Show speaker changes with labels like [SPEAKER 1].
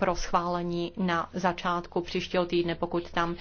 [SPEAKER 1] pro schválení na začátku příštího týdne, pokud tam